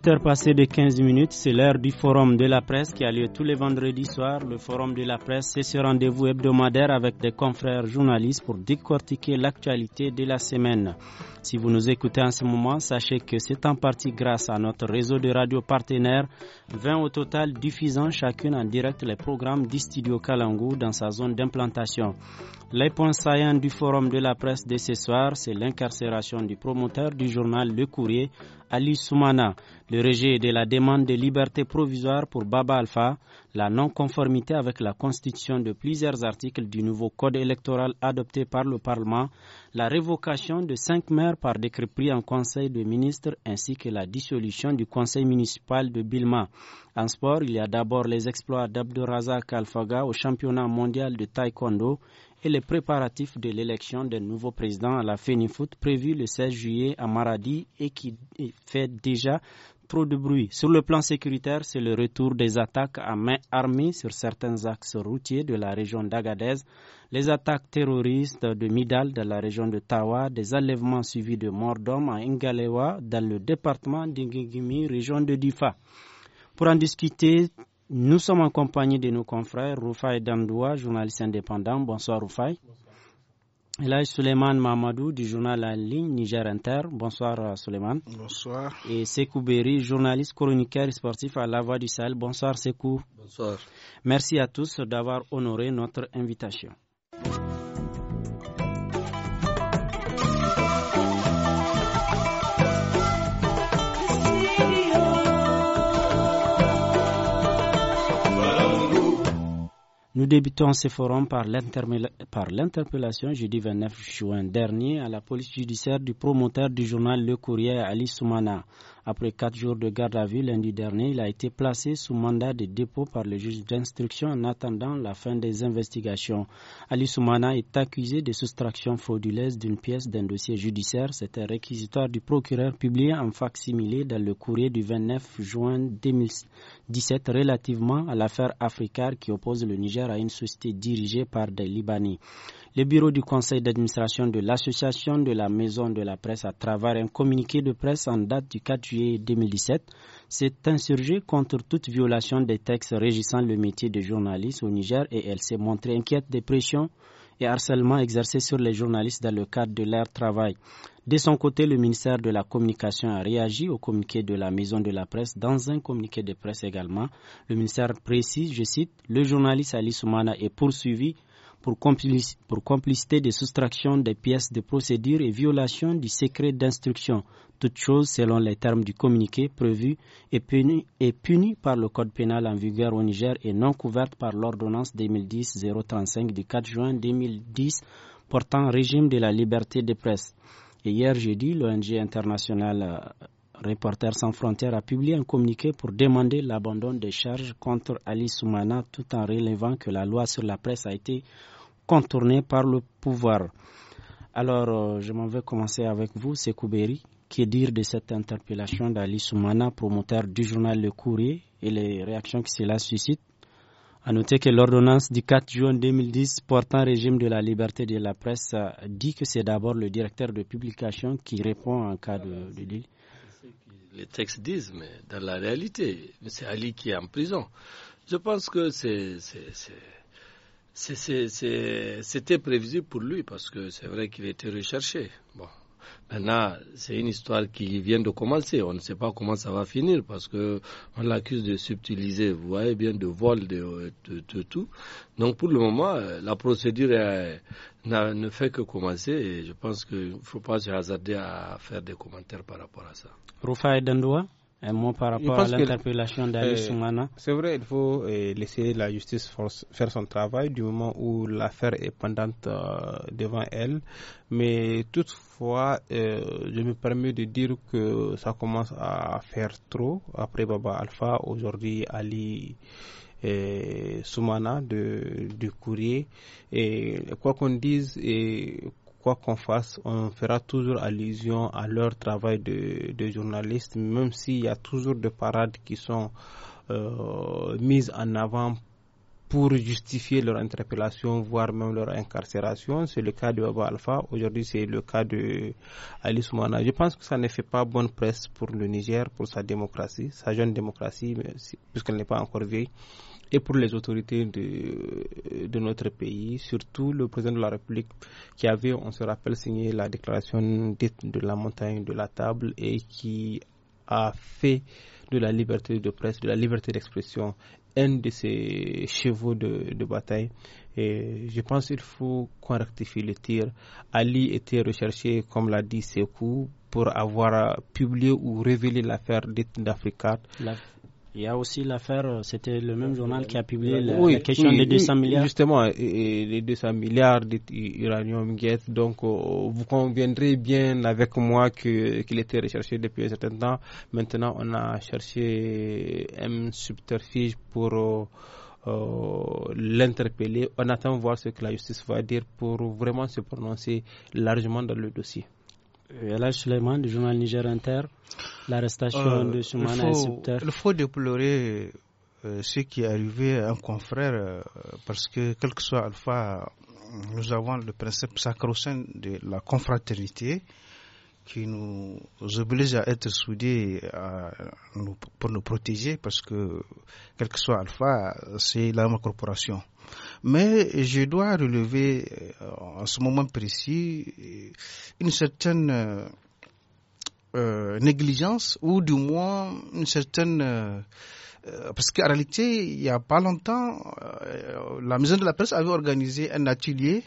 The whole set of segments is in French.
18h de 15 minutes, c'est l'heure du Forum de la presse qui a lieu tous les vendredis soirs. Le Forum de la presse, c'est ce rendez-vous hebdomadaire avec des confrères journalistes pour décortiquer l'actualité de la semaine. Si vous nous écoutez en ce moment, sachez que c'est en partie grâce à notre réseau de radios partenaires, 20 au total diffusant chacune en direct les programmes du studio dans sa zone d'implantation. Les points du Forum de la presse de ce soir, c'est l'incarcération du promoteur du journal Le Courrier Ali Soumana, le rejet de la demande de liberté provisoire pour Baba Alpha, la non-conformité avec la constitution de plusieurs articles du nouveau code électoral adopté par le Parlement, la révocation de cinq maires par décret pris en Conseil de ministres ainsi que la dissolution du Conseil municipal de Bilma. En sport, il y a d'abord les exploits d'Abdurazak Alfaga au championnat mondial de taekwondo et les préparatifs de l'élection d'un nouveau président à la FENIFOOT prévu le 16 juillet à Maradi et qui fait déjà trop de bruit. Sur le plan sécuritaire, c'est le retour des attaques à main armée sur certains axes routiers de la région d'Agadez, les attaques terroristes de Midal dans la région de Tawa, des enlèvements suivis de morts d'hommes à Ngalewa dans le département d'Ingigimi, région de Difa. Pour en discuter, nous sommes en compagnie de nos confrères Roufaï Damdoua, journaliste indépendant. Bonsoir Roufaï. Là, Suleiman Mamadou du journal en ligne Niger Inter. Bonsoir euh, Suleiman. Bonsoir. Et Sekou Berry, journaliste, chroniqueur et sportif à La Voix du Sahel. Bonsoir Sekou. Bonsoir. Merci à tous d'avoir honoré notre invitation. Nous débutons ce forum par l'interpellation jeudi 29 juin dernier à la police judiciaire du promoteur du journal Le Courrier Ali Soumana. Après quatre jours de garde à vue lundi dernier, il a été placé sous mandat de dépôt par le juge d'instruction en attendant la fin des investigations. Ali Soumana est accusé de soustraction frauduleuse d'une pièce d'un dossier judiciaire. C'est un réquisitoire du procureur publié en facsimilé dans le courrier du 29 juin 2017 relativement à l'affaire africaine qui oppose le Niger à une société dirigée par des Libanais. Le bureau du conseil d'administration de l'association de la maison de la presse à travers un communiqué de presse en date du 4 juillet 2017 s'est insurgée contre toute violation des textes régissant le métier de journaliste au Niger et elle s'est montrée inquiète des pressions et harcèlement exercés sur les journalistes dans le cadre de leur travail. De son côté, le ministère de la Communication a réagi au communiqué de la Maison de la Presse. Dans un communiqué de presse également, le ministère précise, je cite, Le journaliste Ali Soumana est poursuivi pour, complicité de soustraction des pièces de procédure et violation du secret d'instruction, toute chose selon les termes du communiqué prévu et punie puni par le Code pénal en vigueur au Niger et non couverte par l'ordonnance 2010-035 du 4 juin 2010 portant régime de la liberté de presse. Et hier jeudi, l'ONG internationale reporter sans frontières a publié un communiqué pour demander l'abandon des charges contre Ali Soumana tout en relevant que la loi sur la presse a été contournée par le pouvoir. Alors, euh, je m'en vais commencer avec vous, Sekouberi. Que dire de cette interpellation d'Ali Soumana, promoteur du journal Le Courrier, et les réactions que cela suscite à noter que l'ordonnance du 4 juin 2010 portant régime de la liberté de la presse euh, dit que c'est d'abord le directeur de publication qui répond en cas de, de les textes disent, mais dans la réalité, c'est Ali qui est en prison. Je pense que c'était prévisible pour lui parce que c'est vrai qu'il a été recherché. Bon, Maintenant, c'est une histoire qui vient de commencer. On ne sait pas comment ça va finir parce que on l'accuse de subtiliser, vous voyez bien, de vol, de, de, tout. Donc, pour le moment, euh, la procédure ne fait que commencer et je pense qu'il ne faut pas se hasarder à faire des commentaires par rapport à ça. Rufai Dandoua un mot par rapport à l'interpellation d'Ali eh, Soumana. C'est vrai, il faut eh, laisser la justice faire son travail du moment où l'affaire est pendante euh, devant elle. Mais toutefois, euh, je me permets de dire que ça commence à faire trop. Après Baba Alpha, aujourd'hui Ali eh, Soumana de, du courrier. Et quoi qu'on dise, quoi qu'on fasse, on fera toujours allusion à leur travail de, de journaliste, même s'il y a toujours des parades qui sont euh, mises en avant pour justifier leur interpellation, voire même leur incarcération. C'est le cas de Baba Alpha. Aujourd'hui, c'est le cas de Ali Soumana. Je pense que ça ne fait pas bonne presse pour le Niger, pour sa démocratie, sa jeune démocratie, puisqu'elle n'est pas encore vieille et pour les autorités de, de notre pays, surtout le président de la République qui avait, on se rappelle, signé la déclaration dite de la montagne de la table et qui a fait de la liberté de presse, de la liberté d'expression, un de ses chevaux de, de, bataille. Et je pense qu'il faut qu'on rectifie le tir. Ali était recherché, comme l'a dit Sekou, pour avoir publié ou révélé l'affaire d'Africa. Il y a aussi l'affaire, euh, c'était le même journal qui a publié la, question des 200 milliards. Justement, les 200 milliards d'uranium guette. Donc, euh, vous conviendrez bien avec moi qu'il était recherché depuis un certain temps. Maintenant, on a cherché un subterfuge pour euh, l'interpeller. On attend voir ce que la justice va dire pour vraiment se prononcer largement dans le dossier. Euh, du journal Niger Inter, l'arrestation euh, de Il faut déplorer euh, ce qui est arrivé à un confrère, parce que quel que soit Alpha, nous avons le principe sacro-saint de la confraternité qui nous oblige à être soudés pour nous protéger parce que, quel que soit Alpha, c'est la même corporation. Mais je dois relever euh, en ce moment précis une certaine euh, euh, négligence ou du moins une certaine... parce qu'en réalité, il n'y a pas longtemps, la maison de la presse avait organisé un atelier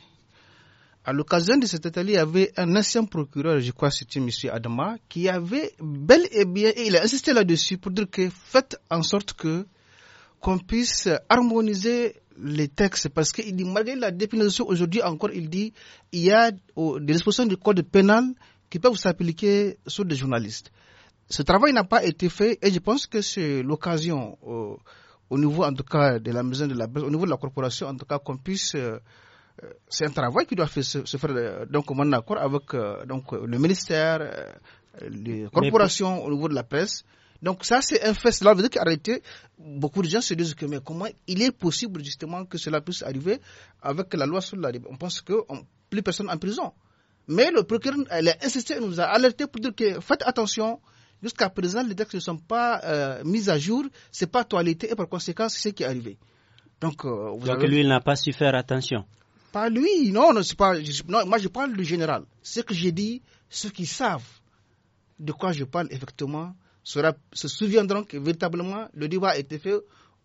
à l'occasion de cet atelier, il y avait un ancien procureur, je crois c'était M. Adama, qui avait bel et bien, et il a insisté là-dessus pour dire que faites en sorte que qu'on puisse harmoniser les textes parce qu'il dit malgré la définition aujourd'hui encore il dit il y a oh, des dispositions du code pénal qui peuvent s'appliquer sur des journalistes. Ce travail n'a pas été fait et je pense que c'est l'occasion euh, au niveau en tout cas de la maison de la au niveau de la corporation en tout cas qu'on puisse euh, euh, c'est un travail qui doit se, faire euh, donc en accord avec euh, donc, le ministère, les corporations au niveau de la presse. Donc ça, c'est un fait. Cela veut dire qu'arrêter, beaucoup de gens se disent que comment il est possible justement que cela puisse arriver avec la loi sur la On pense que plus personne en prison. Mais le procureur, elle a insisté, nous a alerté pour dire que faites attention. Jusqu'à présent, les textes ne sont pas mis à jour, c'est pas toiletté et par conséquent, c'est ce qui est arrivé. Donc, vous Donc lui, il n'a pas su faire attention. Pas lui, non, non c'est pas. Non, moi, je parle du général. Ce que j'ai dit, ceux qui savent de quoi je parle effectivement se souviendront que véritablement le débat a été fait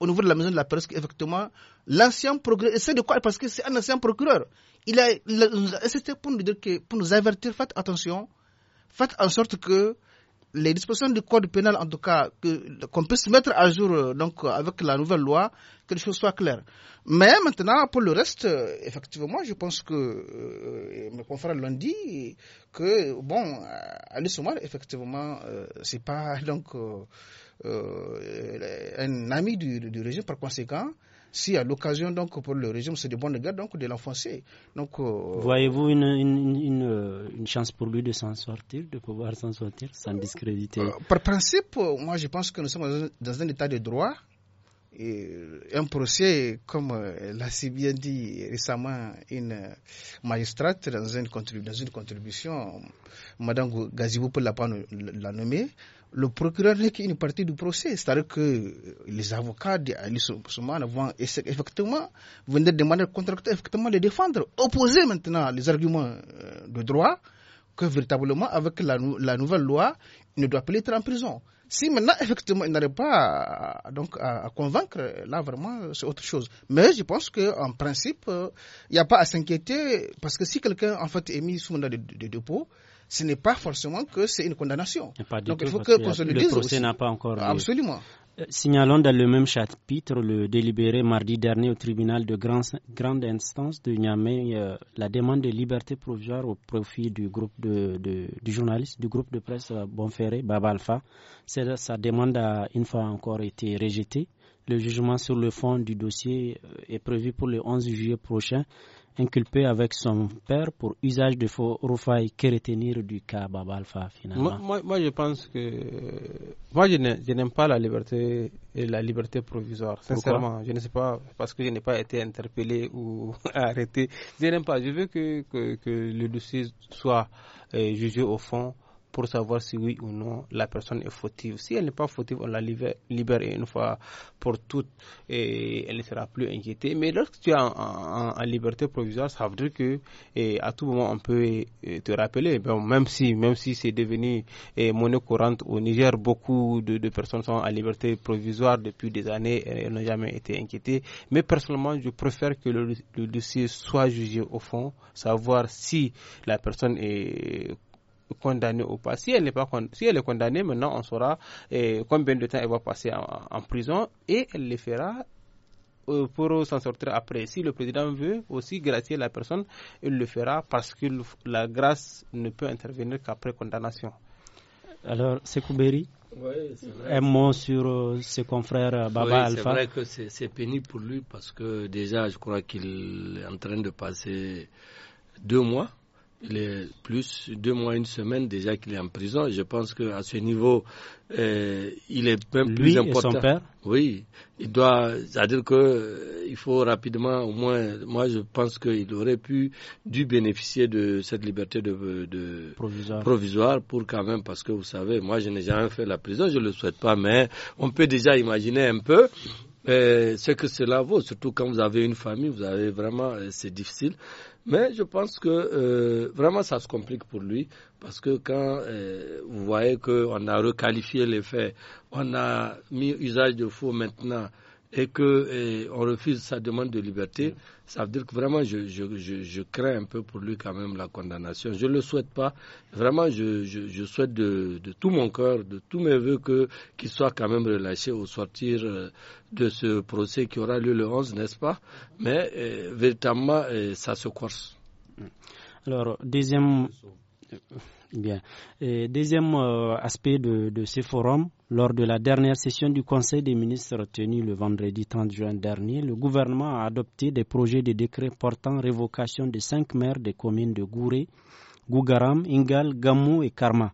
au niveau de la maison de la presse Effectivement, l'ancien procureur, c'est de quoi Parce que c'est un ancien procureur. Il a, pour dire pour nous avertir, faites attention, faites en sorte que les dispositions du code pénal, en tout cas, qu'on puisse mettre à jour euh, donc euh, avec la nouvelle loi, que les choses soient claires. Mais maintenant, pour le reste, euh, effectivement, je pense que mes confrères l'ont dit que bon, Ali Soumar, effectivement, c'est pas donc un ami du, régime. Par conséquent, si à l'occasion donc pour le régime c'est de bonne guerre donc de l'enfoncer. Donc euh, voyez-vous une, une, euh, une, chance pour lui de s'en sortir, de pouvoir s'en sortir sans discréditer. Euh, par principe, moi je pense que nous sommes dans un état de droit. Et un procès, comme l'a si bien dit récemment une magistrate dans une, contribution, Madame Gazibou peut la, la nommer, le procureur n'est qu'une partie du procès. C'est-à-dire que les avocats d'Ali Soumane vont effectivement venir demander au effectivement les défendre, opposer maintenant les arguments euh, de droit que véritablement avec la, nouvelle loi, il ne doit plus être en prison. Si maintenant, effectivement, il n'arrive pas à, donc, à, convaincre, là, vraiment, c'est autre chose. Mais je pense qu'en principe, euh, il n'y a pas à s'inquiéter, parce que si quelqu'un, en fait, est mis sous mandat de, dépôt, ce n'est pas forcément que c'est une condamnation. Donc il faut que se le, procès n'a pas encore. Absolument. Euh, signalons dans le même chapitre le délibéré mardi dernier au tribunal de grande instance de Niamey euh, la demande de liberté provisoire au profit du groupe de, du journaliste du groupe de presse euh, Bonferré Baba Alpha. Sa demande a une fois encore été rejetée. Le jugement sur le fond du dossier est prévu pour le 11 juillet prochain inculpé avec son père pour usage de faux roufailles. Que retenir du cas Baba Alpha finalement moi, je pense que. Moi, je n'aime pas la liberté et la liberté provisoire, sincèrement. je ne sais pas, parce que je n'ai pas été interpellé ou arrêté. Je n'aime pas. Je veux que, que, le dossier soit euh, jugé au fond pour savoir si oui ou non la personne est fautive. Si elle n'est pas fautive, on la libère, une fois pour toutes et elle ne sera plus inquiétée. Mais lorsque tu es en, liberté provisoire, ça veut dire que à tout moment on peut euh, te rappeler. même si, même si c'est devenu monnaie courante au Niger, beaucoup de, personnes sont en liberté provisoire depuis des années et, n'ont jamais été inquiétées. Mais personnellement, je préfère que le dossier soit jugé au fond, savoir si la personne est condamné ou pas. Si elle n'est pas si elle est condamnée, maintenant on saura eh, combien de temps elle va passer en, prison et elle le fera euh, pour s'en sortir après. Si le président veut aussi gracier la personne, il le fera parce que la grâce ne peut intervenir qu'après condamnation. Alors, Sekouberi, un mot sur euh, ses confrères euh, Baba Alpha. C'est vrai que c'est pénible pour lui parce que déjà, je crois qu'il est en train de passer deux mois il est plus deux mois, une semaine déjà qu'il est en prison. je pense qu'à ce niveau, euh, il est même plus important. son père Oui, il doit, c'est-à-dire que euh, il faut rapidement, au moins, moi je pense qu'il aurait pu, dû bénéficier de cette liberté de, provisoire. provisoire. pour quand même, parce que vous savez, moi je n'ai jamais fait la prison, je ne le souhaite pas, mais on peut déjà imaginer un peu euh, ce que cela vaut, surtout quand vous avez une famille, vous avez vraiment, euh, c'est difficile. Mais je pense que euh, vraiment ça se complique pour lui parce que quand vous voyez qu'on a requalifié les faits, on a mis usage de faux maintenant et qu'on refuse sa demande de liberté, mm. ça veut dire que vraiment je, je, je, je, crains un peu pour lui quand même la condamnation. Je ne le souhaite pas. Vraiment, je, souhaite de, de, tout mon cœur, de tous mes voeux qu'il soit quand même relâché au sortir euh, de ce procès qui aura lieu le 11, n'est-ce pas Mais euh, véritablement, euh, ça se corse. Mm. Alors, deuxième. Bien. deuxième euh, aspect de, ce forum, lors de la dernière session du Conseil des ministres tenue le vendredi 30 juin dernier, le gouvernement a adopté des projets de décret portant révocation de cinq maires des communes de Gouré, Gougaram, Ingal, Gamou et Karma.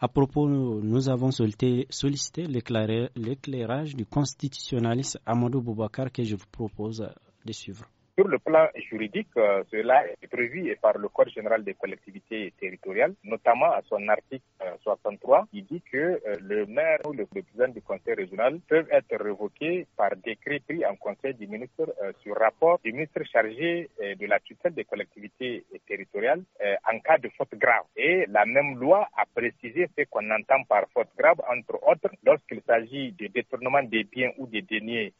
À propos, nous avons sollicité l'éclairage du constitutionnaliste Amadou Boubacar que je vous propose de suivre. Sur le plan juridique, euh, cela est prévu par le Code général des collectivités territoriales, notamment à son article 63, euh, qui dit que euh, le maire ou le président du conseil régional peuvent être révoqués par décret pris en conseil du ministre sur rapport du ministre chargé de la tutelle des collectivités territoriales en cas de faute grave. Et la même loi a précisé ce qu'on entend par faute grave, entre autres, lorsqu'il s'agit de détournement des biens ou des deniers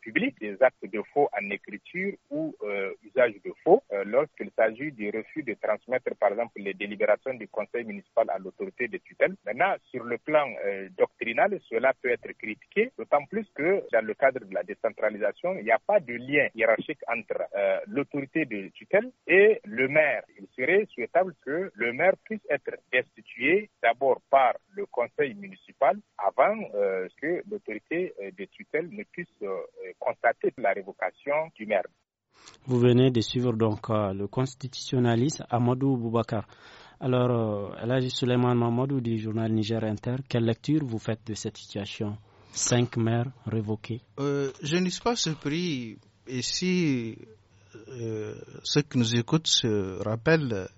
publics, des actes de faux en écriture ou euh, usage de faux euh, lorsqu'il s'agit du refus de transmettre, par exemple, les délibérations du conseil municipal à l'autorité de tutelle. Maintenant, sur le plan euh, doctrinal, cela peut être critiqué, d'autant plus que dans le cadre de la décentralisation, il n'y a pas de lien hiérarchique entre l'autorité de tutelle et le maire. Il serait souhaitable que le maire puisse être destitué d'abord par le conseil municipal avant que l'autorité de tutelle ne puisse constater la révocation du maire. Vous venez de suivre donc euh, le constitutionnaliste Amadou Boubacar. Alors, euh, là, Suleiman Mamadou du journal Niger Inter, quelle lecture vous faites de cette situation Cinq maires révoqués euh, Je ne suis pas surpris. Et si ceux qui nous écoutent se rappellent,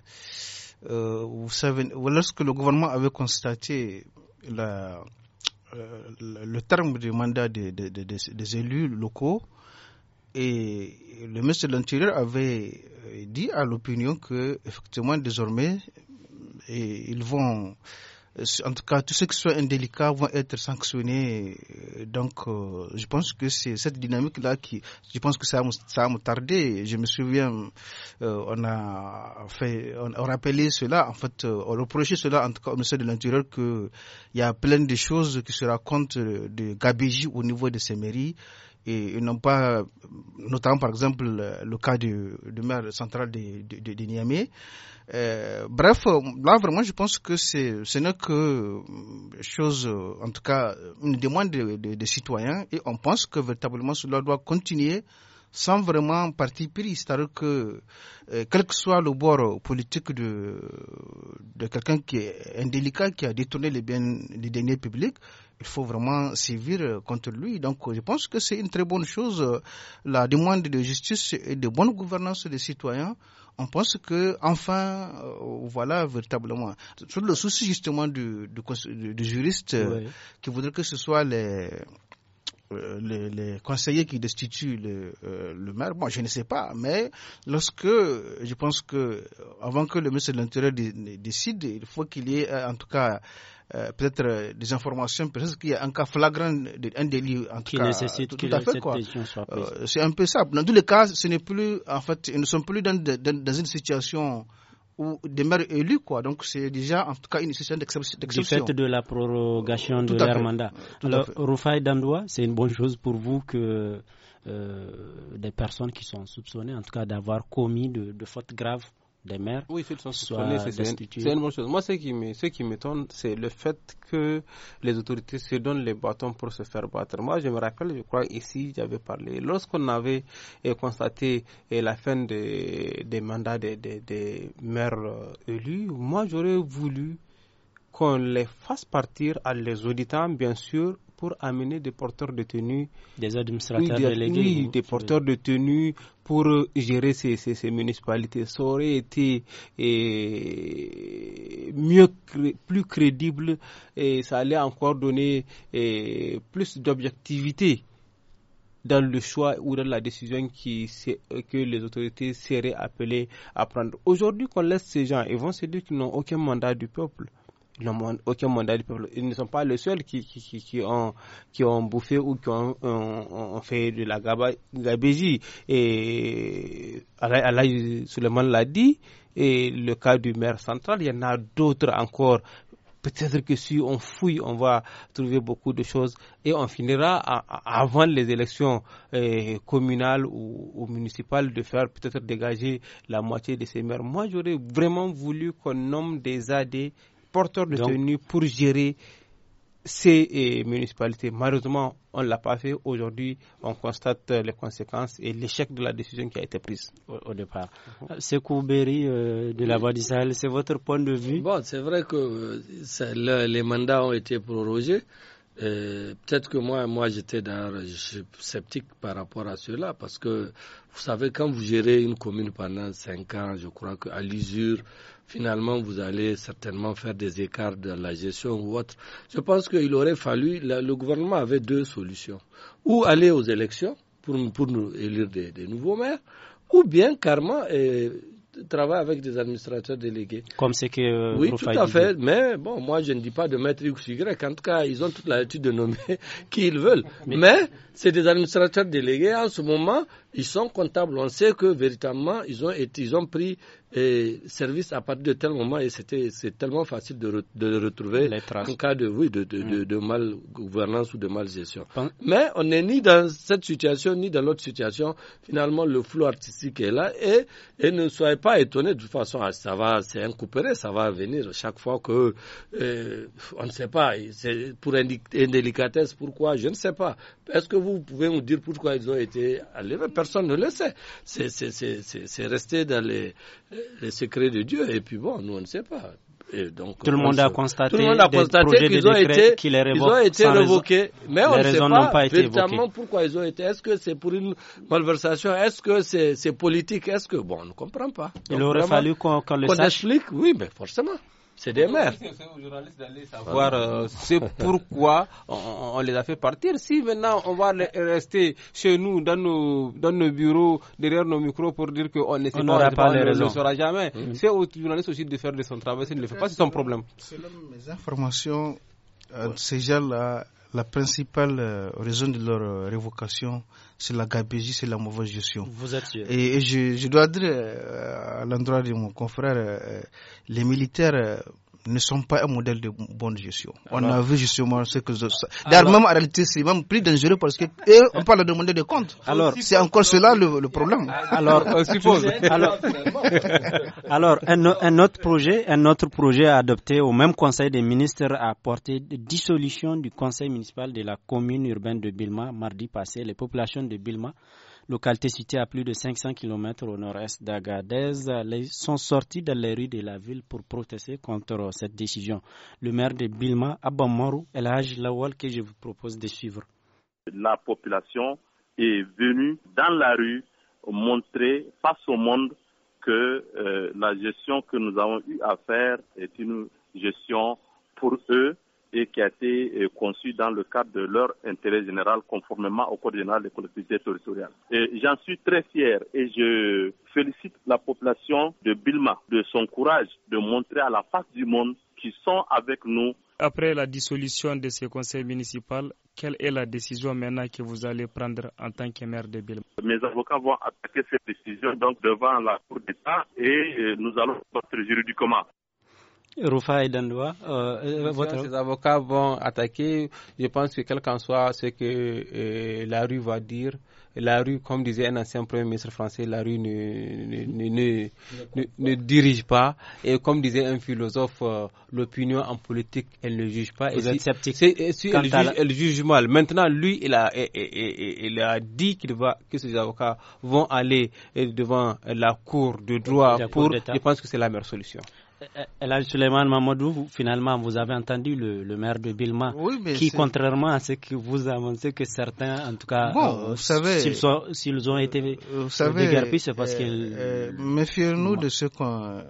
lorsque le gouvernement avait constaté le terme du mandat des élus locaux, et le ministre de l'Intérieur avait euh, dit à l'opinion que, effectivement, désormais, ils vont, euh, en tout cas, tous ceux qui sont indélicats vont être sanctionnés. Euh, donc, je pense que c'est cette dynamique-là qui, je pense que ça, ça a tardé. Je me souviens, on a fait, on a rappelé cela, en fait, euh, on reprochait cela, en tout cas, au ministre de l'Intérieur, qu'il y a plein de choses qui se racontent de gabégie au niveau de ces mairies et, non pas, notamment par exemple le cas du, maire central de, Niamey. Euh, bref, là vraiment je pense que ce n'est que euh, chose, euh, en tout cas une demande des citoyens et on pense que véritablement cela doit continuer sans vraiment parti pris. C'est-à-dire que, euh, quel que soit le bord politique de, de quelqu'un qui est indélicat, qui a détourné les biens, les deniers publics, il faut vraiment sévir euh, contre lui. Donc je pense que c'est une très bonne chose, euh, la demande de justice et de bonne gouvernance des citoyens. On pense que enfin, euh, voilà véritablement. Sur le souci justement du, juriste qui voudrait que ce soit les, les, conseillers qui destituent le, maire, moi bon, je ne sais pas, mais lorsque je pense que avant que le ministre de l'Intérieur décide, il faut qu'il y ait en tout cas euh, peut-être euh, des informations, peut-être qu'il y a un cas flagrant, un délit en tout cas, tout, à fait, quoi. Euh, c'est un peu ça. Dans tous les cas, ce n'est plus, en fait, ils ne sont plus dans, une situation où des maires élus, quoi. Donc, c'est déjà, en tout cas, une situation d'exception. Du fait de la prorogation de leur mandat. Alors, Rufai Dandoua, c'est une bonne chose pour vous que des personnes qui sont soupçonnées, en tout cas, d'avoir commis de fautes graves des maires oui, C'est une bonne chose. Moi, ce qui m'étonne, c'est le fait que les autorités se donnent les bâtons pour se faire battre. Moi, je me rappelle, je crois, ici, j'avais parlé. Lorsqu'on avait eh, constaté eh, la fin des mandats des maires euh, élus, moi, j'aurais voulu qu'on les fasse partir à les auditants, bien sûr, pour amener des porteurs de tenue. Des administrateurs euh, porteurs de tenue pour euh, gérer ces, municipalités. Ça aurait été euh, mieux, plus crédible et ça allait encore donner plus d'objectivité dans le choix ou dans la décision que les autorités seraient appelées à prendre. Aujourd'hui qu'on laisse ces gens, ils vont se dire qu'ils n'ont aucun mandat du peuple aucun mandat du peuple. Ils ne sont pas les seuls qui, qui, qui, ont, qui ont bouffé ou qui ont, fait de la gabégie. Et Allah Suleiman l'a dit, et le cas du maire central, il y en a d'autres encore. Peut-être que si on fouille, on va trouver beaucoup de choses et on finira avant les élections eh, communales ou, ou, municipales de faire peut-être dégager la moitié de ces maires. Moi, j'aurais vraiment voulu qu'on nomme des AD porteur de tenue pour gérer ces euh, municipalités. Malheureusement, on ne l'a pas fait. Aujourd'hui, on constate euh, les conséquences et l'échec de la décision qui a été prise au, départ. C'est euh, de la Voie d'Israël. c'est votre point de vue Bon, c'est vrai que les mandats ont été prorogés. Peut-être que moi, moi j'étais sceptique par rapport à cela parce que vous savez, quand vous gérez une commune pendant 5 ans, je crois qu'à l'usure, finalement, vous allez certainement faire des écarts de la gestion ou autre. Je pense qu'il aurait fallu, le gouvernement avait deux solutions. Ou aller aux élections pour, pour nous élire des, nouveaux maires, ou bien carrément euh, travailler avec des administrateurs délégués. Comme c'est que. Euh, oui, tout à fait. Mais bon, moi, je ne dis pas de mettre X, Y. En tout cas, ils ont toute l'habitude de nommer qui ils veulent. Mais, Mais c'est des administrateurs délégués en ce moment ils sont comptables. On sait que véritablement, ils ont, été, ils ont pris eh, service à partir de tel moment et c'était, c'est tellement facile de, de retrouver les en cas de, oui, de, de, mm. de, mal gouvernance ou de mal gestion. Mais on n'est ni dans cette situation ni dans l'autre situation. Finalement, le flou artistique est là et, et ne soyez pas étonnés. De toute façon, ah, ça va, c'est ça va venir chaque fois que, euh, on ne sait pas, c'est pour une délicatesse, pourquoi, je ne sais pas. Est-ce que vous pouvez nous dire pourquoi ils ont été enlevés? personne ne le sait. C'est resté dans les, secrets de Dieu. Et puis bon, nous, on ne sait pas. donc, tout, le monde a constaté tout projets monde ont, été, qui ont été révoqués. Mais on ne sait pas, pas véritablement pourquoi ils ont été. Est-ce que c'est pour une malversation Est-ce que c'est politique Est-ce que. Bon, on ne comprend pas. Il aurait fallu qu'on qu le sache. oui, mais forcément c'est des maires. Savoir. Euh, c'est pourquoi on, les a fait partir. Si maintenant on va rester chez nous, dans nos, dans nos bureaux, derrière nos micros pour dire qu'on ne sait on pas, on ne le saura jamais, mm-hmm. c'est aux journalistes aussi de faire de son travail. S'il ne le fait pas, c'est son problème. Selon mes informations, euh, c'est déjà la principale euh, raison de leur révocation, c'est la gabegie, c'est la mauvaise gestion. Vous êtes et, et je, je, dois dire euh, à l'endroit de mon confrère, euh, les militaires euh, ne sont pas un modèle de bonne gestion. Ah on bah. a vu justement ce que... Ah D'ailleurs, bah. même en réalité, c'est même plus dangereux parce que on parle de demander de compte. Alors, c'est encore cela le, problème. Alors, suppose. un, un, autre projet, un autre projet adopté au même Conseil des ministres a porté dissolution du Conseil municipal de la commune urbaine de Bilma mardi passé. Les populations de Bilma localité située à plus de 500 km au nord-est d'Agadez, sont sortis dans les rues de la ville pour protester contre cette décision. Le maire de Bilma, Abamaru El la Lawal, que je vous propose de suivre. La population est venue dans la rue montrer face au monde que euh, la gestion que nous avons eu à faire est une gestion pour eux et qui a été euh, conçu dans le cadre de leur intérêt général conformément au Code général des collectivités territoriales. j'en suis très fier et je félicite la population de Bilma de son courage de montrer à la face du monde qu'ils sont avec nous. Après la dissolution de ce conseil municipal, quelle est la décision maintenant que vous allez prendre en tant que maire de Bilma Mes avocats vont attaquer cette décision donc devant la Cour d'État et euh, nous allons porter juridiquement et Dandoua. Euh, euh votre... Ces avocats vont attaquer. Je pense que quel qu'en soit ce que euh, la rue va dire, la rue, comme disait un ancien premier ministre français, la rue ne, ne, ne, ne dirige pas. Et comme disait un philosophe, euh, l'opinion en politique, elle ne juge pas. Vous elle, juge, mal. Maintenant, lui, il a, il a dit qu'il va, que ces avocats vont aller devant la Cour de droit pour. Je pense que c'est la meilleure solution. Euh, Elhaj Suleiman Mamadou, finalement, vous avez entendu le, maire de Bilma, qui, contrairement à ce que vous avancez, que certains, en tout cas, euh, s'ils ont été euh, dégarpés, c'est parce qu'ils... Méfions-nous de ce qu'on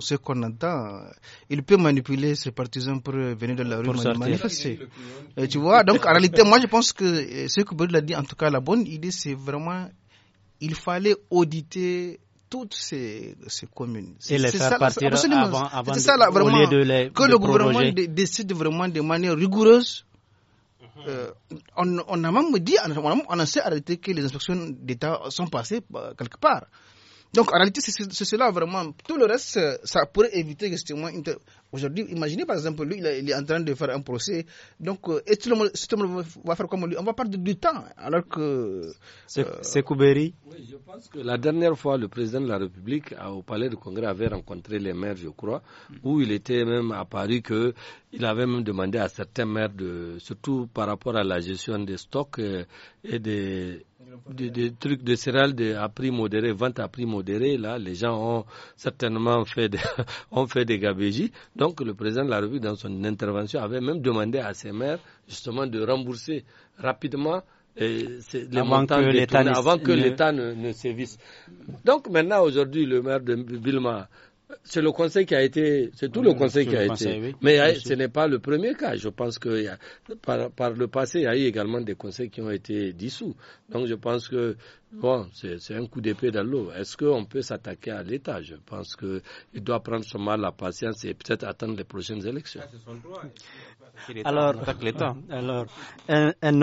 ce qu'on entend, il peut manipuler ses partisans pour venir de la rue pour manifester. tu vois, donc en réalité, moi je pense que ce que Baudel dit, en tout cas la bonne idée, c'est vraiment, il fallait auditer toutes ces, communes. Et les faire partir avant, ça, vraiment, au lieu de les Que le gouvernement décide vraiment de manière rigoureuse. Mhm. euh, on, on, a même dit, on a, sait arrêter que les inspections d'État sont passées euh, quelque part. Donc en réalité, c'est cela vraiment. Tout le reste, euh, ça pourrait éviter justement une, Aujourd'hui, imaginez par exemple, lui, il est en train de faire un procès. Donc, et euh, tout le monde, va faire comme lui. On va perdre du temps. Alors que. Euh, c'est Kouberi Oui, je pense que la dernière fois, le président de la République, au palais du Congrès, avait rencontré les maires, je crois, où il était même apparu Paris que il avait même demandé à certains maires, de, surtout par rapport à la gestion des stocks euh, et des. trucs de céréales à prix modéré, vente à prix modéré, là, les gens ont certainement fait des, ont fait des gabégies. Donc le président de la revue dans son intervention, avait même demandé à ses maires justement de rembourser rapidement les montants l'État avant que l'État ne, ne, sévisse. Donc maintenant, aujourd'hui, le maire de Vilma... C'est le conseil qui a été, c'est tout le conseil qui a été. Mais eh, ce n'est pas le premier cas. Je pense que par, le passé, il y a eu également des conseils qui ont été dissous. Donc je pense que bon, c'est un coup d'épée dans l'eau. Est-ce qu'on peut s'attaquer à l'État Je pense qu'il doit prendre son mal à patience et peut-être attendre les prochaines élections. Alors, un,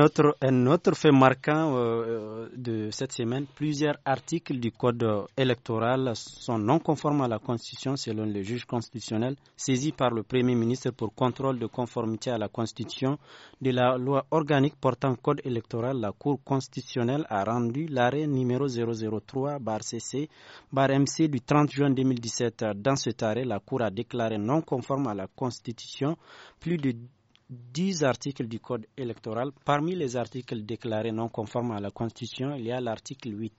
autre, fait marquant euh, euh, de cette semaine, plusieurs articles du code électoral sont non conformes à la Constitution selon le juge constitutionnel, saisi par le Premier ministre pour contrôle de conformité à la Constitution de la loi organique portant code électoral, la Cour constitutionnelle a rendu l'arrêt numéro 003-CC MC du 30 juin 2017. Dans cet arrêt, la Cour a déclaré non conforme à la Constitution plus de 10 articles du Code électoral. Parmi les articles déclarés non conformes à la Constitution, il y a l'article 8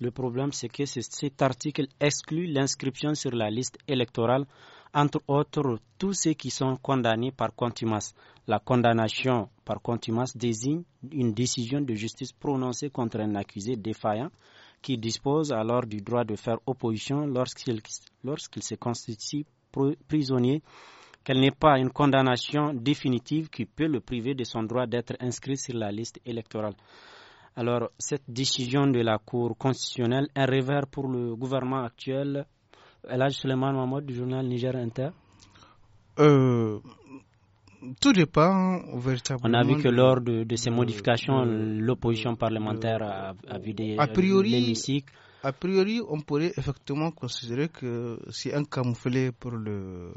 le problème, c'est que cet article exclut l'inscription sur la liste électorale, entre autres tous ceux qui sont condamnés par contumace. La condamnation par contumace désigne une décision de justice prononcée contre un accusé défaillant qui dispose alors du droit de faire opposition lorsqu'il se constitue prisonnier, qu'elle n'est pas une condamnation définitive qui peut le priver de son droit d'être inscrit sur la liste électorale. Alors, cette décision de la Cour constitutionnelle, un revers pour le gouvernement actuel Elage Suleiman Mahmoud du journal Niger Inter euh, Tout dépend véritablement. On a vu que lors de, ces modifications, l'opposition parlementaire a, a, vidé euh, l'hémicycle. A priori, on pourrait effectivement considérer que c'est un camouflet pour le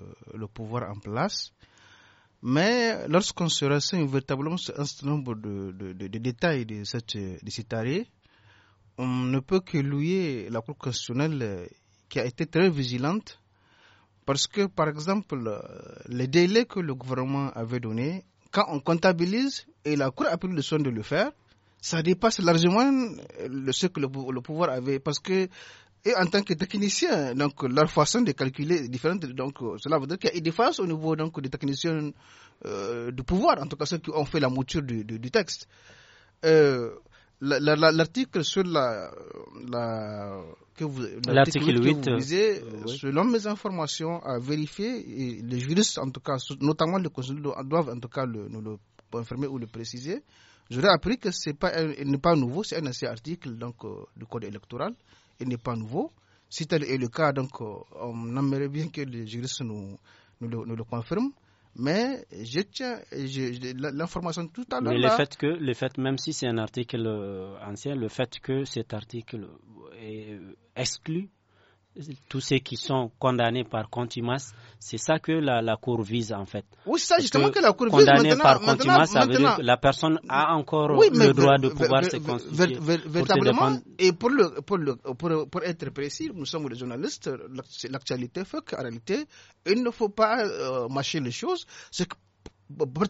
pouvoir en place. Mais lorsqu'on se rassemble véritablement sur un certain nombre de, détails de, cette, de on ne peut que louer la Cour constitutionnelle euh, qui a été très vigilante parce que, par exemple, euh, les délais que le gouvernement avait donnés, quand on comptabilise, et la Cour a pris le soin de le faire, ça dépasse largement euh, ce que le, pouvoir avait. Parce que et en tant que technicien, donc leur façon de calculer est différente. Donc euh, cela veut dire qu'il y a une au niveau donc, des techniciens euh, du pouvoir, en tout cas ceux qui ont fait la mouture du, texte. Euh, l'article sur la, que vous, l'article 8, euh, selon mes informations, à vérifier, et les juristes, en tout cas, notamment les consulats, doivent en tout cas le, nous le confirmer ou le préciser. J'aurais appris que ce n'est pas, nouveau, c'est un ancien article donc, du Code électoral il n'est pas nouveau. Si tel est le cas, donc euh, on aimerait bien que les juristes nous, le, confirme. confirment. Mais je tiens l'information tout à l'heure. Mais le fait que, le fait, même si c'est un article euh, ancien, le fait que cet article est exclu tous ceux qui sont condamnés par contumace, c'est ça que la, Cour vise en fait. Oui, c'est ça justement que, la Cour vise. Condamné par contumace, ça veut dire que la personne a encore le droit de pouvoir se constituer. Véritablement, et pour, pour, pour, pour, être précis, nous sommes des journalistes, l'actualité fait qu'en réalité, il ne faut pas euh, mâcher les choses. C'est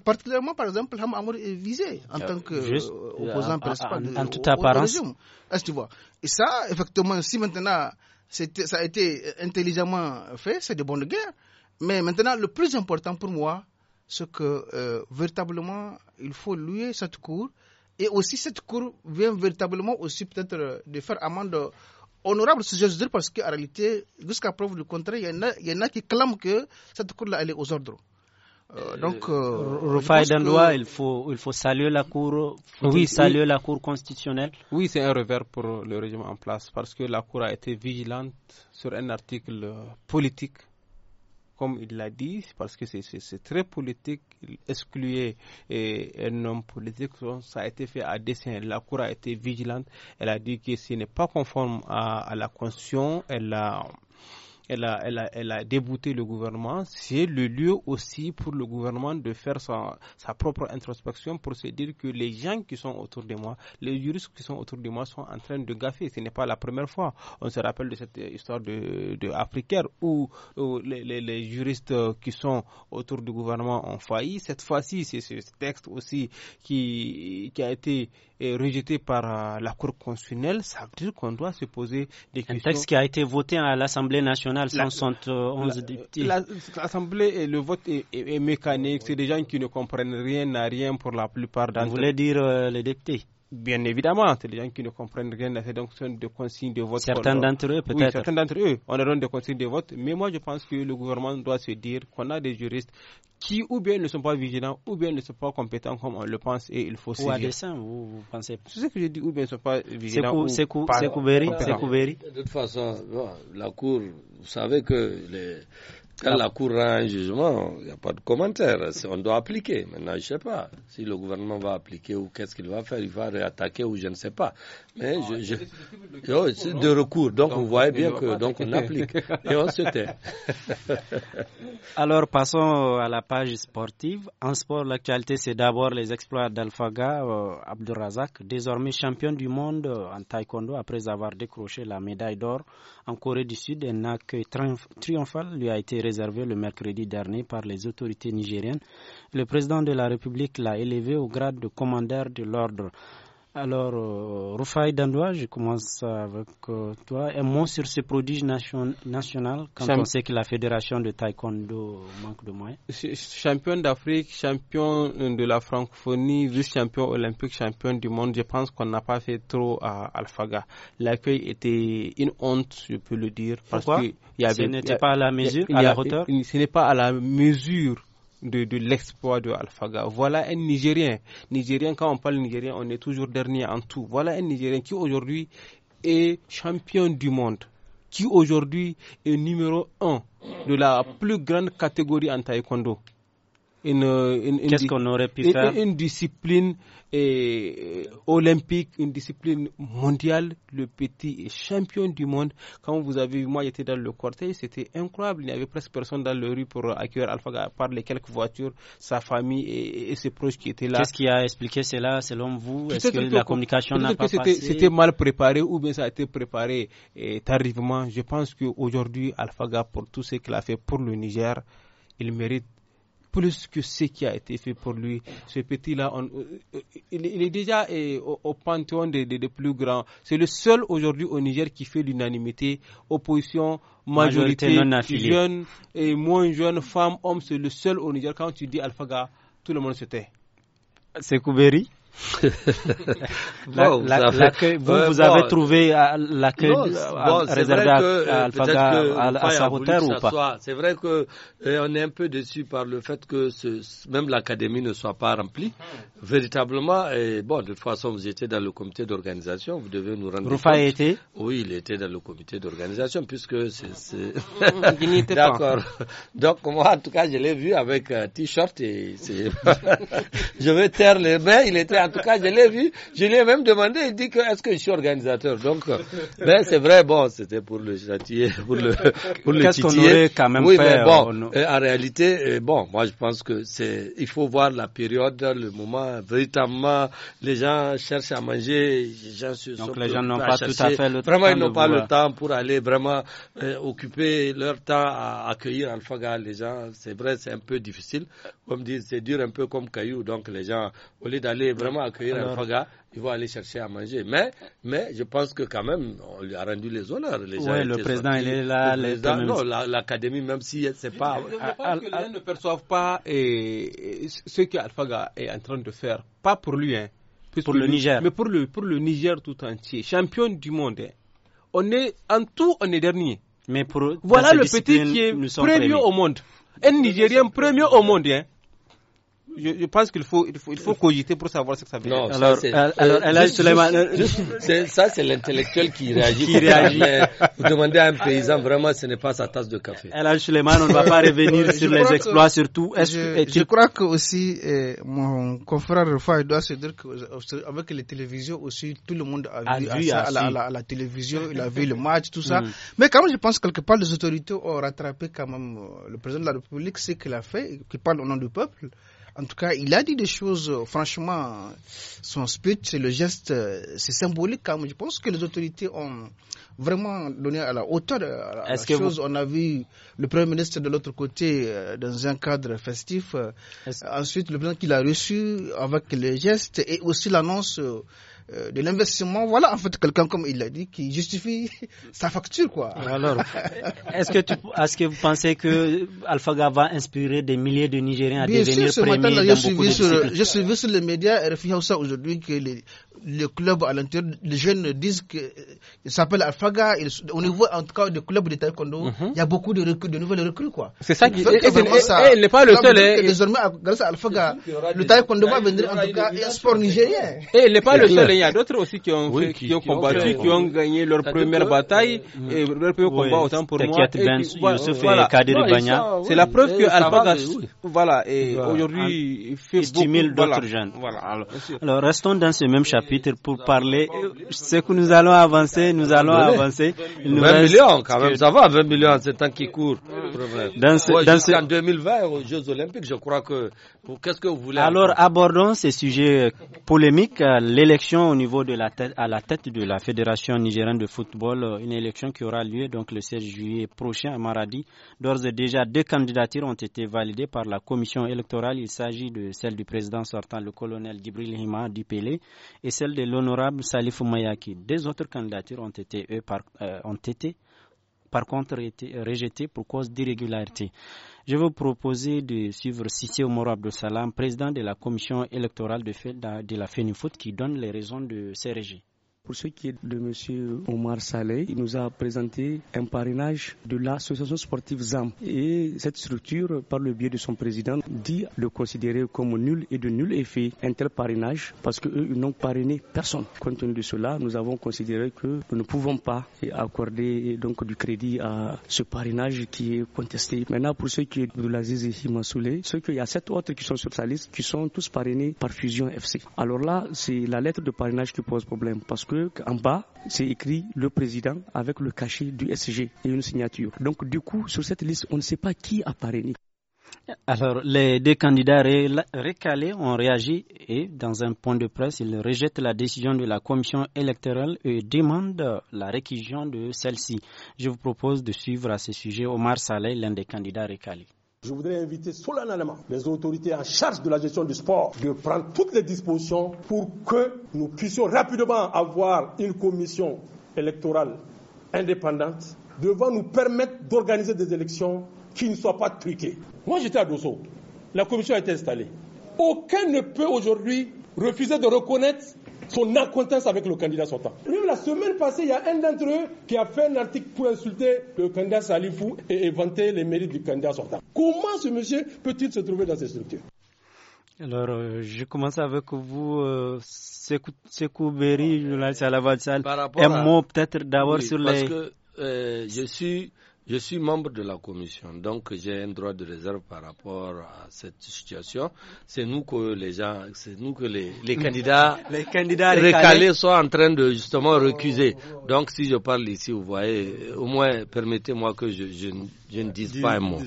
particulièrement par exemple Hamamour est visé en euh, tant qu'opposant euh, principal en, en, en toute apparence est-ce que tu vois et ça effectivement si maintenant ça a été intelligemment fait, c'est de bonnes guerres. Mais maintenant, le plus important pour moi, c'est que euh, véritablement, il faut louer cette cour. Et aussi, cette cour vient véritablement aussi peut-être euh, de faire amende honorable, si j'ose dire, parce qu'en réalité, jusqu'à preuve du contraire, il y, il y en a qui clament que cette cour-là, elle est aux ordres. Euh, euh, donc, euh, il faut, il faut saluer la Cour, oui, saluer la Cour constitutionnelle. Oui, c'est un revers pour le régime en place parce que la Cour a été vigilante sur un article politique, comme il l'a dit, parce que c'est très politique, excluer un homme politique, ça a été fait à dessein. La Cour a été vigilante, elle a dit que ce n'est pas conforme à, à la Constitution, elle a elle a, débouté le gouvernement, c'est le lieu aussi pour le gouvernement de faire sa, propre introspection pour se dire que les gens qui sont autour de moi, les juristes qui sont autour de moi sont en train de gaffer. Ce n'est pas la première fois. On se rappelle de cette histoire de, de où, les, juristes qui sont autour du gouvernement ont failli. Cette fois-ci, c'est ce texte aussi qui, a été euh, rejeté par euh, la Cour constitutionnelle. Ça veut dire qu'on doit se poser des questions. Un texte qui a été voté à l'Assemblée nationale 171 députés. L'Assemblée et le vote est, mécanique. C'est des gens qui ne comprennent rien à rien pour la plupart d'entre eux. Vous voulez dire euh, les députés Bien évidemment, c'est les gens qui ne comprennent rien à ces des de consignes de vote. Certains d'entre eux, peut-être. certains d'entre eux, on leur donne des consignes de vote. Mais moi, je pense que le gouvernement doit se dire qu'on a des juristes qui, ou bien ne sont pas vigilants, ou bien ne sont pas compétents comme on le pense et il faut se Ou à dessein, vous, pensez C'est ce que je dis, ou bien ne sont pas vigilants. C'est couvert. De toute façon, la Cour, vous savez que les quand ah. la Cour a un jugement, il n'y a pas de commentaire. On doit appliquer. Maintenant, je ne sais pas si le gouvernement va appliquer ou qu'est-ce qu'il va faire. Il va réattaquer ou je ne sais pas. Mais ah, je, De, recours. Donc, vous voyez bien que donc on applique et on se tait. Alors, passons à la page sportive. En sport, l'actualité, c'est d'abord les exploits d'Alfaga euh, Abdurazak, désormais champion du monde euh, en taekwondo après avoir décroché la médaille d'or en Corée du Sud. Un accueil triomphal lui a été préservé le mercredi dernier par les autorités nigériennes, le président de la République l'a élevé au grade de commandeur de l'ordre. Alors, euh, Rufai Dandoua, je commence avec euh, toi. Un mot sur ce prodige national quand on sait que la fédération de taekwondo manque de moyens. Champion d'Afrique, champion euh, de la francophonie, vice-champion olympique, champion du monde, je pense qu'on n'a pas fait trop à Alphaga. L'accueil était une honte, je peux le dire. Pourquoi ce n'était pas à la mesure, à la hauteur Ce n'est pas à la mesure de, de l'exploit de Alphaga. Voilà un Nigérien. Nigérien, quand on parle Nigérien, on est toujours dernier en tout. Voilà un Nigérien qui aujourd'hui est champion du monde, qui aujourd'hui est numéro un de la plus grande catégorie en taekwondo une, aurait pu faire? une discipline et, euh, olympique, une discipline mondiale. Le petit champion du monde. Quand vous avez vu, moi j'étais dans le cortège, c'était incroyable. Il n'y avait presque personne dans le rue pour accueillir Alpha par les quelques voitures, sa famille et, ses proches qui étaient là. Qu'est-ce qui a expliqué cela selon vous Est-ce que la communication n'a pas passé C'était mal préparé ou bien ça a été préparé euh, tardivement. Je pense qu'aujourd'hui, Alpha pour tout ce qu'il a fait pour le Niger, il mérite plus que ce qui a été fait pour lui. Ce petit-là, euh, euh, il, est déjà euh, au, panthéon des, plus grands. C'est le seul aujourd'hui au Niger qui fait l'unanimité, opposition, majorité, majorité et moins jeunes, femme, hommes. C'est le seul au Niger. Quand tu dis Alphaga, tout le monde se tait. C'est Kouberi vous, avez trouvé euh, l'accueil réservé à, à, ou pas C'est vrai qu'on euh, euh, on est un peu déçu par le fait que même l'académie ne soit pas remplie. Véritablement, et bon, de toute façon, vous étiez dans le comité d'organisation, vous devez nous rendre Rufa compte. était Oui, il était dans le comité d'organisation, puisque c'est... D'accord. Donc, moi, en tout cas, je l'ai vu avec un t-shirt et je vais taire les mains, il était en tout cas, je l'ai vu. Je lui ai même demandé, il dit que est-ce que je suis organisateur. Donc, ben, c'est vrai, bon, c'était pour le châtier, pour le, pour le Qu'est-ce qu'on aurait quand même oui, bon, euh, euh, en réalité, euh, bon, moi, je pense que c'est, il faut voir la période, le moment, véritablement, les gens cherchent à manger, Donc, les gens n'ont pas tout à fait le Vraiment, ils n'ont pas le temps pour aller vraiment occuper leur temps à accueillir Alphaga. Les gens, c'est vrai, c'est un peu difficile. Comme disent, c'est dur un peu comme caillou. Donc, les gens, au lieu d'aller vraiment accueillir Alors, faga, ils vont aller chercher à manger. Mais, mais je pense que quand même, on lui a rendu les honneurs. Les oui, le président, il est là. non, l'académie, même si c'est pas. Je, que les ne perçoivent pas et, ce que est en train de faire. Pas pour lui, hein, pour le Niger. Mais pour le, pour le Niger tout entier. Champion du monde. Hein. On est, en tout, on est dernier. Mais pour, voilà le petit qui est premier au monde. Un Nigérien premier au monde. Hein je, pense qu'il faut, il faut, il faut cogiter pour savoir ce que ça veut dire. Non, alors, ça, euh, euh, euh, ça, c'est l'intellectuel qui réagit. qui réagit. vous demandez à un paysan, vraiment, ce n'est pas sa tasse de café. Alain Suleiman, on ne va pas revenir sur les exploits, que, surtout. Je, crois que aussi, mon confrère Rufa, doit se dire qu'avec les télévisions aussi, tout le monde a, vu, à, la, télévision, il a vu le match, tout ça. Mm. Mais quand même, je pense que quelque part, les autorités ont rattrapé quand même le président de la République, ce qu'il a fait, qui parle au nom du peuple. En tout cas, il a dit des choses, euh, franchement, son speech, le geste, euh, c'est symbolique quand hein. même. Je pense que les autorités ont vraiment donné à la hauteur euh, la chose. On a vu le Premier ministre de l'autre côté dans un cadre festif. Ensuite, le président qu'il a reçu avec le geste et aussi l'annonce euh, de l'investissement. Voilà, en fait, quelqu'un, comme il l'a dit, qui justifie sa facture, quoi. Alors, est-ce que, tu, que vous pensez que AlphaGa va inspirer des milliers de Nigériens à devenir sûr, ce je suis vu sur, sur les médias RFI ça aujourd'hui que les, le club à l'intérieur, les jeunes disent qu'il s'appelle AlphaGa. au niveau, en tout cas, du club de taekwondo, mhm. il y a beaucoup de, de nouvelles recrues, quoi. C'est ça qui... Et, eh, eh, eh, il n'est pas le seul. Et... Désormais, grâce à AlphaGa, le taekwondo va venir, en tout cas, un sport nigérien. Et il n'est pas le seul il y a d'autres aussi qui ont, combattu, qui ont gagné leur première bataille, euh, et leur premier combat, autant pour moi. C'est la preuve que Alpha voilà, et aujourd'hui, fait stimule d'autres jeunes. Alors, restons dans ce même chapitre pour parler. Ce que nous allons avancer, nous allons avancer. 20 millions, quand même, ça va, 20 millions, c'est temps qui court. Dans ce, en 2020, aux Jeux Olympiques, je crois que, qu'est-ce que vous voulez? Alors, abordons ces sujets polémiques, euh, l'élection au niveau de la tête, à la tête de la Fédération nigérienne de football, euh, une élection qui aura lieu donc le 16 juillet prochain à Maradi. D'ores et déjà, deux candidatures ont été validées par la commission électorale. Il s'agit de celle du président sortant, le colonel Gibril Hima Pélé et celle de l'honorable Salif Mayaki. Deux autres candidatures ont été, euh, euh, ont été par contre été rejeté pour cause d'irrégularité. Je vous proposer de suivre Sissé Omar président de la commission électorale de, la FENIFOOT, qui donne les raisons de ces régies. Pour ce qui est de M. Omar Saleh, il nous a présenté un parrainage de l'association sportive ZAM. Et cette structure, par le biais de son président, dit le considérer comme nul et de nul effet un tel parrainage parce qu'eux, n'ont parrainé personne. Compte tenu de cela, nous avons considéré que nous ne pouvons pas accorder donc du crédit à ce parrainage qui est contesté. Maintenant, pour ce qui est de l'Aziz et ceux qu'il y a sept autres qui sont sur sa liste qui sont tous parrainés par Fusion FC. Alors là, c'est la lettre de parrainage qui pose problème parce que en bas, c'est écrit le président avec le cachet du SG et une signature. Donc du coup, sur cette liste, on ne sait pas qui apparaît. Alors, les deux candidats récalés ont réagi et, dans un point de presse, ils rejettent la décision de la commission électorale et demandent la réquisition de celle-ci. Je vous propose de suivre à ce sujet Omar Saleh, l'un des candidats récalés. Je voudrais inviter solennellement les autorités en charge de la gestion du sport de prendre toutes les dispositions pour que nous puissions rapidement avoir une commission électorale indépendante devant nous permettre d'organiser des élections qui ne soient pas truquées. Moi, j'étais à Dosso. La commission a été installée. Aucun ne peut aujourd'hui refuser de reconnaître son acquaintance avec le candidat sortant. Même la semaine passée, il y a un d'entre eux qui a fait un article pour insulter le candidat Salifou et éventer les mérites du candidat sortant. Comment ce monsieur peut-il se trouver dans ces structures alors, euh, je commence avec vous, euh, Sekou, Beri, Berry, lance à Un mot peut-être d'abord sur les... Parce que euh, je suis je suis membre de la commission, donc j'ai un droit de réserve par rapport à cette situation. C'est nous que les gens, c'est nous que les, candidats, les récalés, sont en train de justement recuser. Donc si je parle ici, vous voyez, au moins permettez-moi que je, ne dise pas un mot.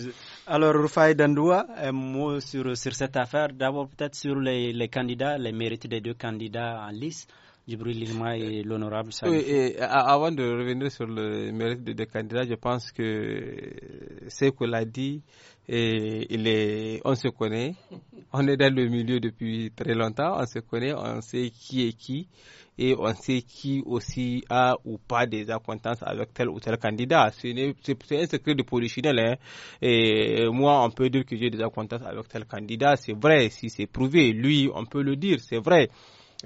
Alors, Rufai Dandoua, un mot sur, cette affaire. D'abord, peut-être sur les, les candidats, les mérites des deux candidats en lice. Djibril et euh, l'honorable Oui, et euh, avant de revenir sur le mérite des candidats, je pense que euh, ce qu'on a dit, et il est, on se connaît, on est dans le milieu depuis très longtemps, on se connaît, on sait qui est qui, et on sait qui aussi a ou pas des acquaintances avec tel ou tel candidat. C'est un secret de polichinelle. Hein. Et moi, on peut dire que j'ai des acquaintances avec tel candidat, c'est vrai, si c'est prouvé. Lui, on peut le dire, c'est vrai.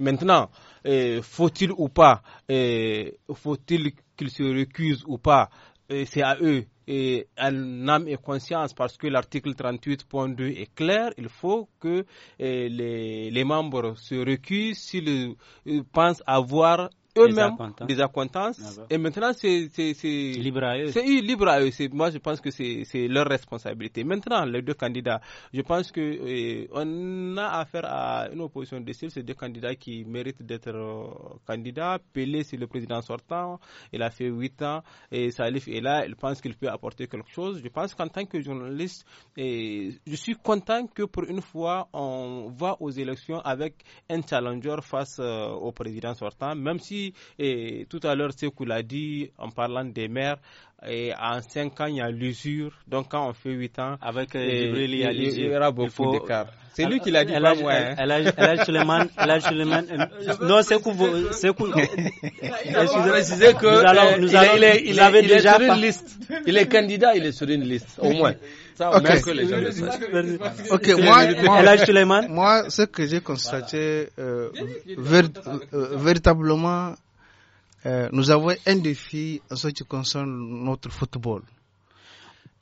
Maintenant, euh, faut-il ou pas, euh, faut-il qu'ils se recusent ou pas, euh, c'est à eux et en âme et conscience parce que l'article 38.2 est clair, il faut que les membres se recusent s'ils pensent avoir eux-mêmes des accointances. Ah bah. Et maintenant, c'est libre à eux. C'est libre à eux. Moi, je pense que c'est leur responsabilité. Maintenant, les deux candidats, je pense que eh, on a affaire à une opposition de style, ces deux candidats qui méritent d'être euh, candidats. Pelé, c'est le président sortant. Il a fait huit ans. Et Salif est là. Il pense qu'il peut apporter quelque chose. Je pense qu'en tant que journaliste, et eh, je suis content que pour une fois, on va aux élections avec un challenger face euh, au président sortant, même si et tout à l'heure, Sekou l'a dit en parlant des maires, et en 5 ans, il y a l'usure. Donc, quand on fait 8 ans, avec euh, il, il y aura beaucoup d'écart. C'est lui qui l'a dit, pas moi. Hein. Suleiman, a Suleiman. Euh, non, c'est Je C'est que il, avait déjà une liste. Il est candidat, il est sur une liste, au moins. Ok, moi, ce que j'ai constaté, euh, euh, véritablement, euh, nous avons un défi en ce qui concerne notre football.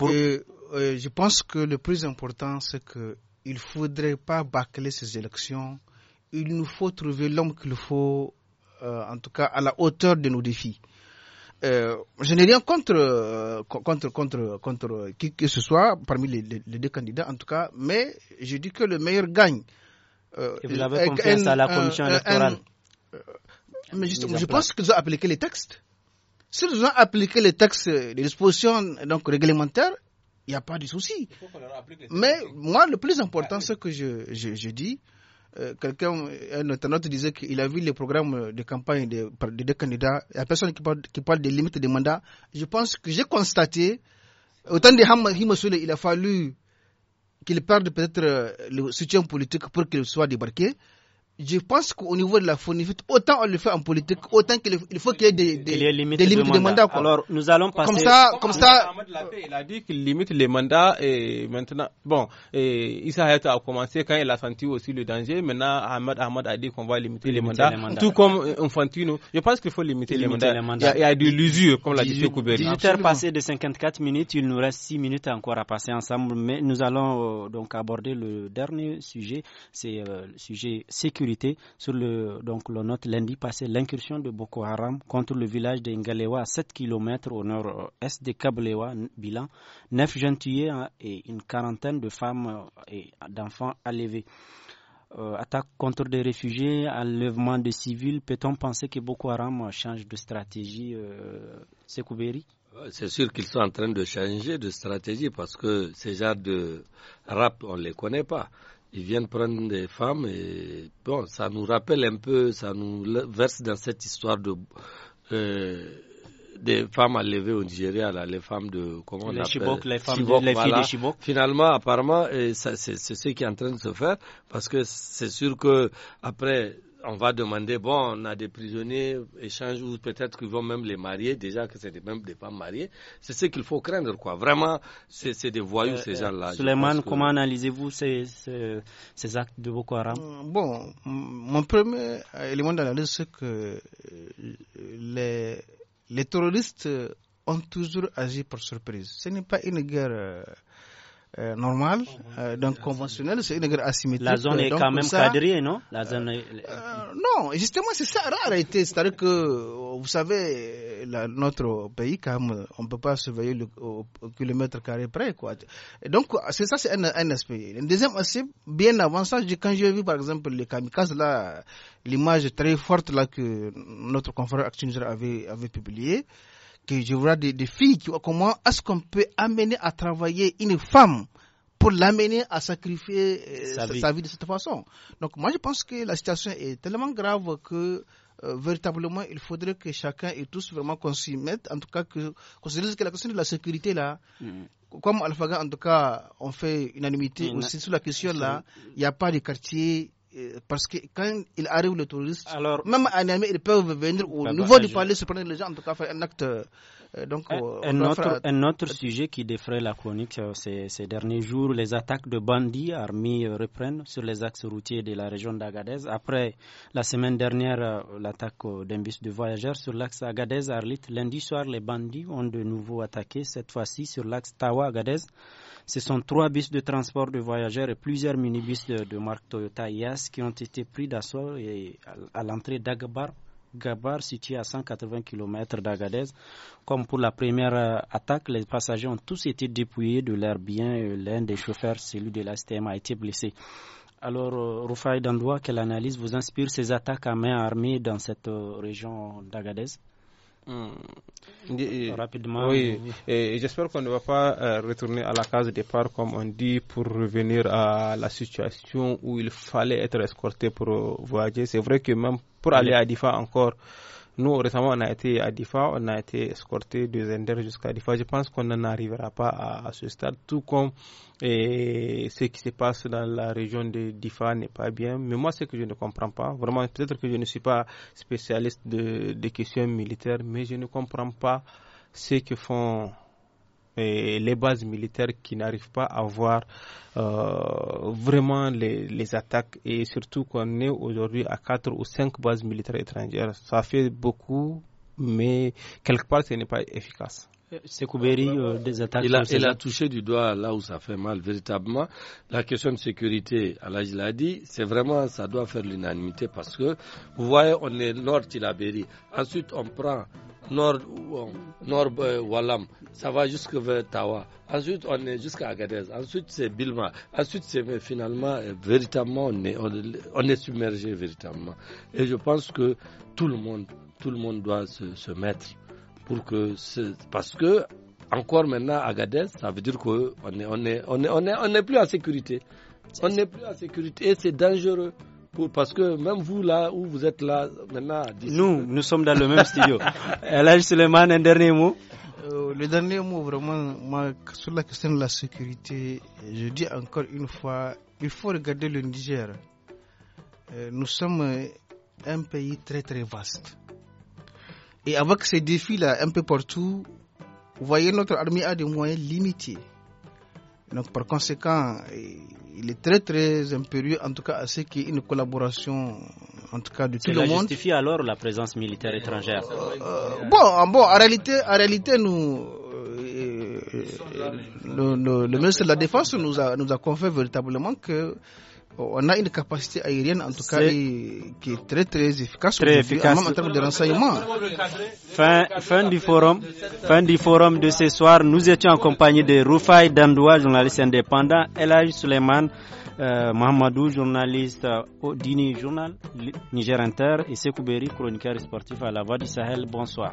je pense que le plus important, c'est qu'il ne faudrait pas bâcler ces élections. Il nous faut trouver l'homme qu'il faut, en tout cas à la hauteur de nos défis. Euh, je n'ai rien contre, euh, contre, contre, contre qui que ce soit parmi les, deux candidats, en tout cas, mais je dis que le meilleur gagne. Euh, Et vous avez confiance à la commission électorale Mais justement, je pense qu'ils ont appliqué les textes. S'ils ont appliqué les textes, les dispositions donc, réglementaires, il n'y a pas de souci. Mais moi, le plus important, ah, ce que je, je, je dis, euh, quelqu'un, euh, un internaute disait qu'il a vu les programmes de campagne des de deux candidats. Il y a personne qui parle, qui parle des limites des mandats. Je pense que j'ai constaté, autant de Himasul, il a fallu qu'il perde peut-être euh, le soutien politique pour qu'il soit débarqué je pense qu'au niveau de la fourniture, autant on le fait en politique, autant qu'il faut qu'il y ait des, limites, de, mandats. Alors, nous allons passer. Comme ça, comme ça. Il a dit qu'il limite les mandats et maintenant, bon, et Issa à a quand il a senti aussi le danger. Maintenant, Ahmed a dit qu'on va limiter, les, mandats, tout comme euh, Infantino. Je pense qu'il faut limiter, les, mandats. Il y a, de l'usure, comme l'a dit Kouberi. 18 heures passées de 54 minutes, il nous reste 6 minutes encore à passer ensemble, mais nous allons euh, donc aborder le dernier sujet, c'est euh, le sujet sécurité sur le, donc le note lundi passé l'incursion de Boko Haram contre le village de Ngalewa à 7 km au nord-est de Kablewa, bilan neuf jeunes tués hein, et une quarantaine de femmes euh, et d'enfants enlevés. Euh, attaque contre des réfugiés, enlèvement de civils, peut-on penser que Boko Haram change de stratégie, euh, Sekouberi c'est sûr qu'ils sont en train de changer de stratégie parce que ces genres de rap, on ne les connaît pas ils viennent prendre des femmes et bon, ça nous rappelle un peu, ça nous verse dans cette histoire de euh, des femmes enlevées au Nigeria, là, les femmes de comment les on Chibok, les filles de Chibok. Finalement, apparemment, c'est ce qui est en train de se faire parce que c'est sûr que après on va demander, bon, on a des prisonniers, échange, ou peut-être qu'ils vont même les marier, déjà que c'est même des femmes mariées. C'est ce qu'il faut craindre, quoi. Vraiment, c'est des voyous, euh, ces euh, gens-là. Suleiman, comment analysez-vous ces, ces, ces, actes de Boko Haram euh, Bon, mon premier élément d'analyse, c'est que les, les terroristes ont toujours agi par surprise. Ce n'est pas une guerre euh, normal euh, donc conventionnel c'est une guerre asymétrique. La zone est quand même quadrillée, non La euh, zone Non, justement, c'est ça la réalité. C'est-à-dire que, vous savez, notre pays, quand on ne peut pas surveiller le, au, kilomètre carré près. Quoi. donc, c'est ça, c'est un, un, aspect. Le deuxième aspect, bien avant ça, quand j'ai vu, par exemple, les kamikazes, là, l'image très forte là, que notre confrère Actu avait, avait publiée, que je vois des, filles qui comment est-ce qu'on peut amener à travailler une femme pour l'amener à sacrifier euh, sa, vie. de cette façon. Donc moi je pense que la situation est tellement grave que euh, véritablement il faudrait que chacun et tous vraiment qu'on s'y mette, en tout cas que qu'on que la question de la sécurité là, mm. comme Alphaga, en tout cas, on fait unanimité aussi sur la question là, il n'y a pas de quartier euh, parce que quand il arrive le touriste, même à Niamey, ils peuvent venir au niveau du palais surprendre les gens, en tout cas faire un acte. Euh, donc, euh, un, autre, un, autre, sujet qui défraie la chronique ces, derniers jours, les attaques de bandits armés reprennent sur les axes routiers de la région d'Agadez. Après la semaine dernière, l'attaque d'un bus de voyageurs sur l'axe Agadez-Arlit, lundi soir, les bandits ont de nouveau attaqué, cette fois-ci sur l'axe Tawa-Agadez. Ce sont trois bus de transport de voyageurs et plusieurs minibus de, marque Toyota IAS qui ont été pris d'assaut à, l'entrée d'Agbar, Gabar, situé à 180 km d'Agadez. Comme pour la première euh, attaque, les passagers ont tous été dépouillés de leurs biens et l'un des chauffeurs, celui de la a été blessé. Alors, euh, Rufai Dandoua, quelle analyse vous inspire ces attaques à main armée dans cette euh, région d'Agadez Mm. Rapidement. Oui, et j'espère qu'on ne va pas euh, retourner à la case départ, comme on dit, pour revenir à la situation où il fallait être escorté pour voyager. C'est vrai que même pour aller à Difa encore, nous, récemment, on a été à Difa, on a été escorté de Zender jusqu'à Difa. Je pense qu'on n'en arrivera pas à, ce stade, tout comme ce qui se passe dans la région de Difa n'est pas bien. Mais moi, ce que je ne comprends pas, vraiment, peut-être que je ne suis pas spécialiste de, des questions militaires, mais je ne comprends pas ce que font les bases militaires qui n'arrivent pas à voir euh, vraiment les, les, attaques et surtout qu'on est aujourd'hui à quatre ou cinq bases militaires étrangères. Ça fait beaucoup, mais quelque part ce n'est pas efficace c'est euh, des attaques. Il a, il a touché du doigt là où ça fait mal, véritablement. La question de sécurité, à il l'ai dit, c'est vraiment, ça doit faire l'unanimité parce que, vous voyez, on est nord Tilaberi. Ensuite, on prend nord, euh, nord euh, Ça va jusqu'à Tawa. Ensuite, on est jusqu'à Agadez. Ensuite, c'est Bilma. Ensuite, c'est finalement, euh, véritablement, on est, est submergé, véritablement. Et je pense que tout le monde, tout le monde doit se mettre pour que parce que encore maintenant à Agadez, ça veut dire qu'on n'est on est, on est, on est, on plus en sécurité. On n'est plus en sécurité et c'est dangereux. Pour, parce que même vous là où vous êtes là maintenant. Nous, nous sommes dans le même studio. Elage Suleiman, un dernier mot. Euh, le dernier mot, vraiment, sur la question de la sécurité, je dis encore une fois, il faut regarder le Niger. Euh, nous sommes un pays très très vaste. Et avec ces défis-là un peu partout, vous voyez, notre armée a des moyens limités. Donc, par conséquent, eh, il est très, très impérieux, en tout cas, à ce qu'il y ait une collaboration, en tout cas, de tout le monde. Cela justifie alors la présence militaire étrangère euh, Bon, bon en, réalité, en réalité, nous. Euh, euh, le, ministre de la Défense nous a, nous a confié véritablement que on a une capacité aérienne en tout cas qui est très très efficace, très efficace. en termes de Fin, du forum, fin du forum de ce soir, nous étions en compagnie de Rufai Dandoua, journaliste indépendant, Elaj Suleiman, euh, Mahamadou, journaliste euh, au Dini Journal, Niger Inter et Sekouberi, chroniqueur sportif à la Voix du Sahel. Bonsoir.